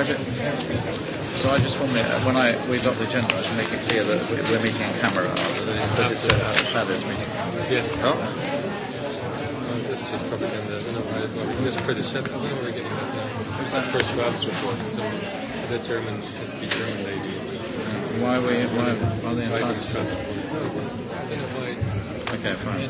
But it, so I just want me, when I, we adopt the agenda, I should make it clear that we're meeting in camera, but it's a, a shadows meeting. Yes. Oh? Uh, this is just propaganda. I don't just a I don't we're getting that That's for Schwab's report. Some, the German, pesky German lady. Why are we, why, why are they in why France? Okay, fine.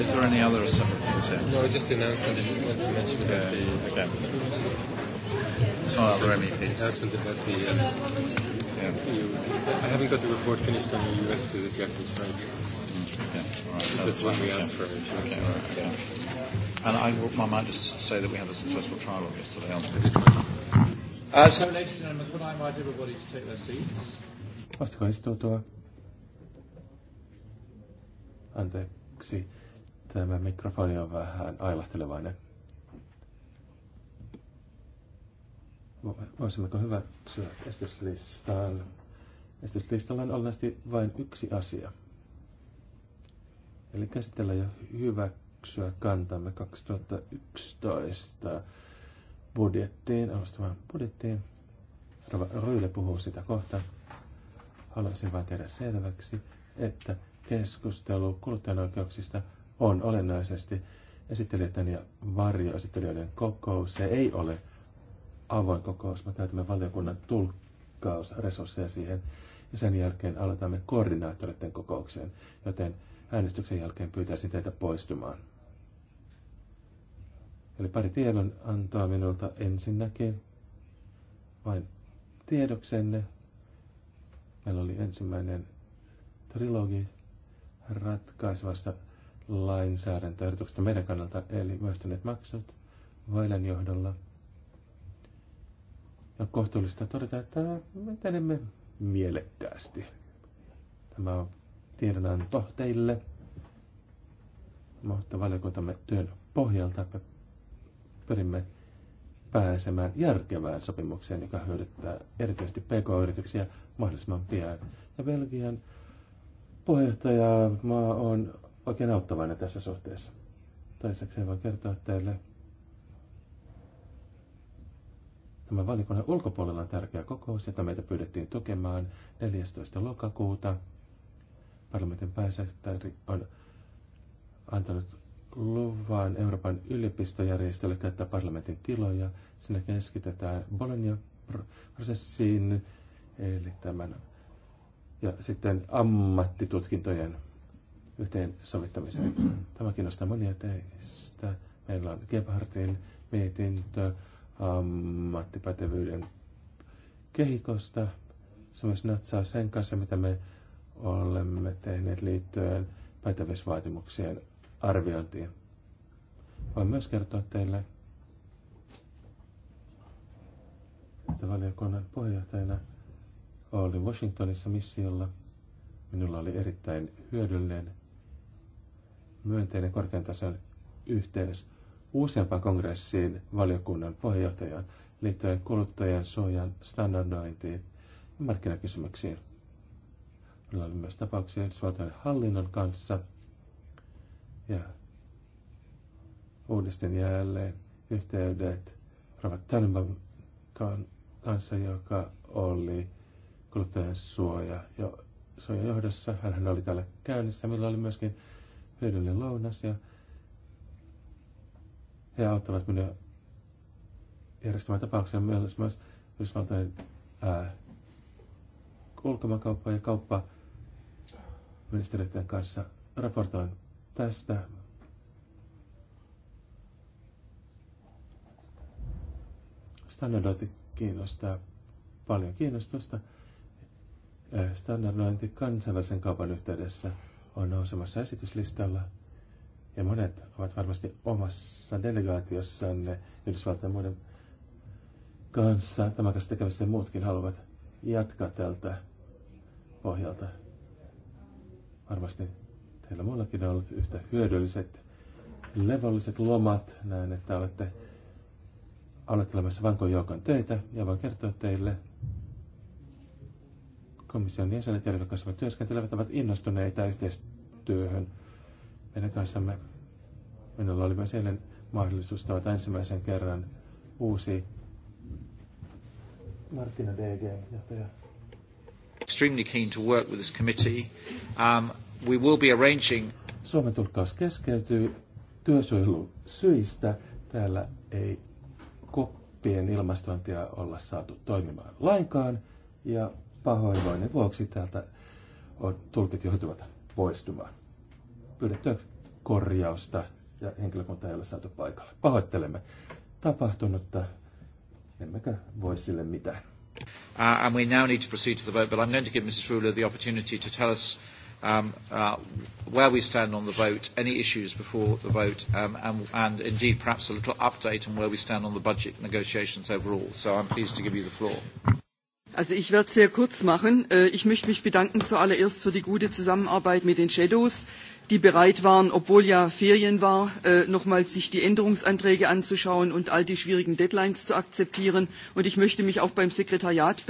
Is there any other separate things here? No, just the announcement that you want to mention about yeah. E the... Okay. So other MEPs. Announcement about the... Uh, yeah. EU. I haven't got the report finished on the US visit yet. I'm sorry. That's what we asked for. And I, might just say that we had a successful trial yesterday afternoon. Uh, so, ladies and gentlemen, could I invite everybody to take their seats? Voisitko istuutua? Anteeksi, tämä mikrofoni on vähän ailahtelevainen. Voisimmeko hyväksyä esityslistaan? Esityslistalla on olennaisesti vain yksi asia. Eli käsitellä ja hyväksyä kantamme 2011 budjettiin, alustavaan budjettiin. Ryyli puhuu sitä kohta. Haluaisin vain tehdä selväksi, että keskustelu kuluttajan oikeuksista on olennaisesti esittelijöiden ja varjoesittelijöiden kokous. Se ei ole avoin kokous. Me käytämme valiokunnan tulkkausresursseja siihen ja sen jälkeen aloitamme koordinaattoreiden kokoukseen, joten äänestyksen jälkeen pyytäisin teitä poistumaan. Eli pari tiedon antaa minulta ensinnäkin. Vain tiedoksenne. Meillä oli ensimmäinen trilogi ratkaisevasta lainsäädäntöehdotuksesta meidän kannalta, eli myöstyneet maksut Vailan johdolla. Ja kohtuullista todeta, että me etenemme mielekkäästi. Tämä on tiedonanto teille. Mutta valiokuntamme työn pohjalta pyrimme pääsemään järkevään sopimukseen, joka hyödyttää erityisesti PK-yrityksiä mahdollisimman pian. Ja Belgian puheenjohtaja maa on oikein auttavainen tässä suhteessa. Toiseksi voin kertoa teille Tämä valikunnan ulkopuolella on tärkeä kokous, jota meitä pyydettiin tukemaan 14. lokakuuta Parlamentin pääsihteeri on antanut luvan Euroopan yliopistojärjestölle käyttää parlamentin tiloja. Siinä keskitetään Bologna-prosessiin, eli tämän, ja sitten ammattitutkintojen yhteensovittamiseen. Tämä kiinnostaa monia teistä. Meillä on Gebhardin mietintö ammattipätevyyden kehikosta. Se myös natsaa sen kanssa, mitä me olemme tehneet liittyen pätevyysvaatimuksien arviointiin. Voin myös kertoa teille, että valiokunnan puheenjohtajana olin Washingtonissa missiolla. Minulla oli erittäin hyödyllinen, myönteinen korkean tason yhteys useampaan kongressiin valiokunnan puheenjohtajaan liittyen kuluttajan suojan standardointiin ja markkinakysymyksiin. Meillä oli myös tapauksia Yhdysvaltojen hallinnon kanssa. Ja uudistin jälleen yhteydet Robert Tannenbaum kanssa, joka oli kuluttajan suoja jo suojan johdossa. Hän oli täällä käynnissä, Meillä oli myöskin hyödyllinen lounas ja he auttavat minua järjestämään tapauksia myös, myös Yhdysvaltojen ulkomaankauppa ja kauppa ministeriöiden kanssa. Raportoin tästä. Standardointi kiinnostaa paljon kiinnostusta. Äh, standardointi kansainvälisen kaupan yhteydessä on nousemassa esityslistalla. Ja monet ovat varmasti omassa delegaatiossanne Yhdysvaltain muiden kanssa tämän kanssa tekemistä muutkin haluavat jatkaa tältä pohjalta. Varmasti teillä muillakin on ollut yhtä hyödylliset, levolliset lomat. Näen, että olette aloittelemassa vankon joukon töitä ja voin kertoa teille, komission jäsenet, ja kanssa työskentelevät, ovat innostuneita yhteistyöhön meidän kanssamme. Minulla oli myös eilen mahdollisuus tavata ensimmäisen kerran uusi Martina DG, johtaja extremely keen to work with this committee. Um, we will be arranging... Suomen tulkkaus keskeytyy työsuojelusyistä. Täällä ei koppien ilmastointia olla saatu toimimaan lainkaan. Ja pahoinvoinnin vuoksi täältä on, tulkit joutuvat poistumaan. Pyydettyä korjausta ja henkilökunta ei ole saatu paikalle. Pahoittelemme tapahtunutta, emmekä voi sille mitään. Uh, and we now need to proceed to the vote, but I'm going to give Mrs. Ruler the opportunity to tell us um, uh, where we stand on the vote, any issues before the vote, um, and, and indeed perhaps a little update on where we stand on the budget negotiations overall. So I'm pleased to give you the floor. Also ich werde sehr kurz machen. Äh, ich möchte mich bedanken zuallererst für die gute Zusammenarbeit mit den Shadows, die bereit waren, obwohl ja Ferien war, äh, nochmal sich die Änderungsanträge anzuschauen und all die schwierigen Deadlines zu akzeptieren. Und ich möchte mich auch beim Sekretariat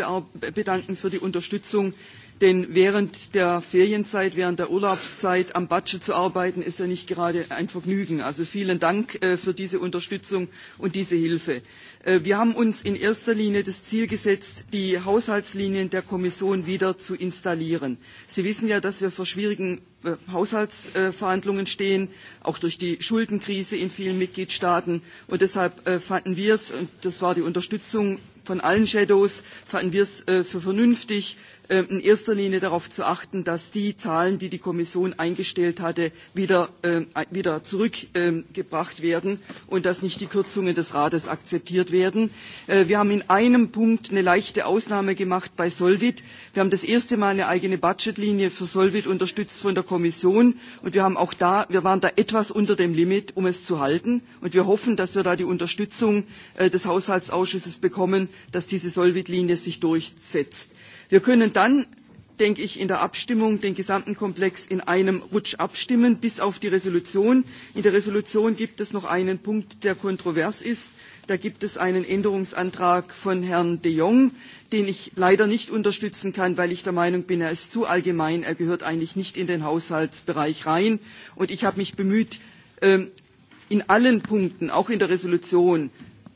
bedanken für die Unterstützung, Denn während der Ferienzeit, während der Urlaubszeit am Budget zu arbeiten, ist ja nicht gerade ein Vergnügen. Also vielen Dank äh, für diese Unterstützung und diese Hilfe. Äh, wir haben uns in erster Linie das Ziel gesetzt, die Haushaltslinien der Kommission wieder zu installieren. Sie wissen ja, dass wir vor schwierigen äh, Haushaltsverhandlungen stehen, auch durch die Schuldenkrise in vielen Mitgliedstaaten. Und deshalb fanden wir es, und das war die Unterstützung von allen Shadows, fanden wir es für vernünftig, Ähm, in erster Linie darauf zu achten, dass die Zahlen, die die Kommission eingestellt hatte, wieder, ähm, äh, wieder zurückgebracht ähm, werden und dass nicht die Kürzungen des Rates akzeptiert werden. Äh, wir haben in einem Punkt eine leichte Ausnahme gemacht bei Solvit. Wir haben das erste Mal eine eigene Budgetlinie für Solvit unterstützt von der Kommission und wir, haben auch da, wir waren da etwas unter dem Limit, um es zu halten. Und wir hoffen, dass wir da die Unterstützung äh, des Haushaltsausschusses bekommen, dass diese Solvit-Linie sich durchsetzt. Wir können dann denke ich, in der Abstimmung den gesamten Komplex in einem Rutsch abstimmen, bis auf die Resolution. In der Resolution gibt es noch einen Punkt, der kontrovers ist. Da gibt es einen Änderungsantrag von Herrn de Jong, den ich leider nicht unterstützen kann, weil ich der Meinung bin, er ist zu allgemein, er gehört eigentlich nicht in den Haushaltsbereich rein. Und ich habe mich bemüht, ähm, in allen Punkten, auch in der Resolution,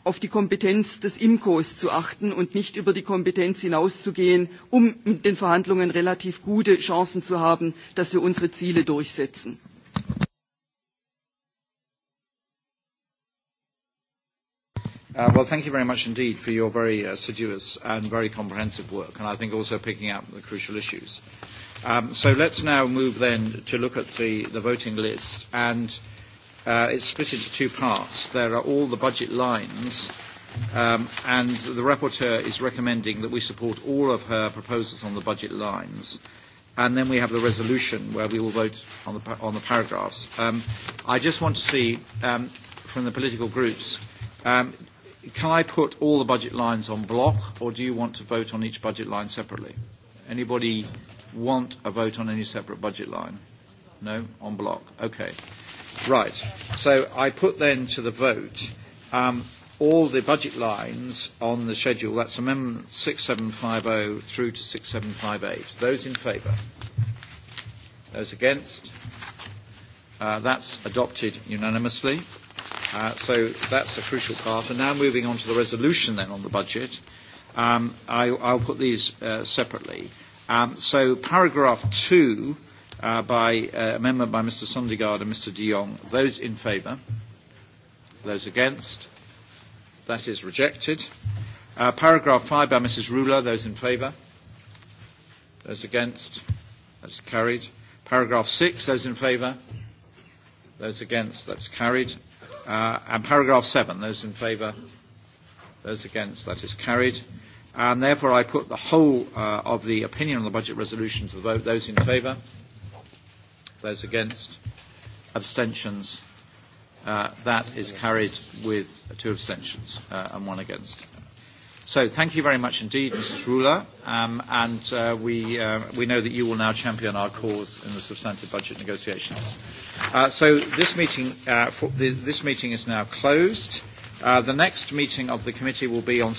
auf die Kompetenz des IMKOs zu achten und nicht über die Kompetenz hinauszugehen, um mit den Verhandlungen relativ gute Chancen zu haben, dass wir unsere Ziele durchsetzen. Uh, well, thank you very much indeed for your very assiduous uh, and very comprehensive work, and I think also picking up the crucial issues. Um, so let's now move then to look at the, the voting list. And Uh, it's split into two parts. There are all the budget lines, um, and the rapporteur is recommending that we support all of her proposals on the budget lines. And then we have the resolution where we will vote on the, on the paragraphs. Um, I just want to see um, from the political groups, um, can I put all the budget lines on block, or do you want to vote on each budget line separately? Anybody want a vote on any separate budget line? No? On block. Okay. Right. So I put then to the vote um, all the budget lines on the schedule. That's Amendment 6750 through to 6758. Those in favour? Those against? Uh, that's adopted unanimously. Uh, so that's the crucial part. And now moving on to the resolution then on the budget. Um, I, I'll put these uh, separately. Um, so paragraph two uh, by uh, amendment by Mr. Sondergaard and Mr. de Jong. Those in favour? Those against? That is rejected. Uh, paragraph 5 by Mrs. Ruler. Those in favour? Those against? That's carried. Paragraph 6. Those in favour? Those against? That's carried. Uh, and paragraph 7. Those in favour? Those against? That is carried. And therefore, I put the whole uh, of the opinion on the budget resolution to the vote. Those in favour? Those against? Abstentions? Uh, that is carried with two abstentions uh, and one against. So thank you very much indeed, Mrs. Ruler, um, and uh, we, uh, we know that you will now champion our cause in the substantive budget negotiations. Uh, so this meeting, uh, for the, this meeting is now closed. Uh, the next meeting of the committee will be on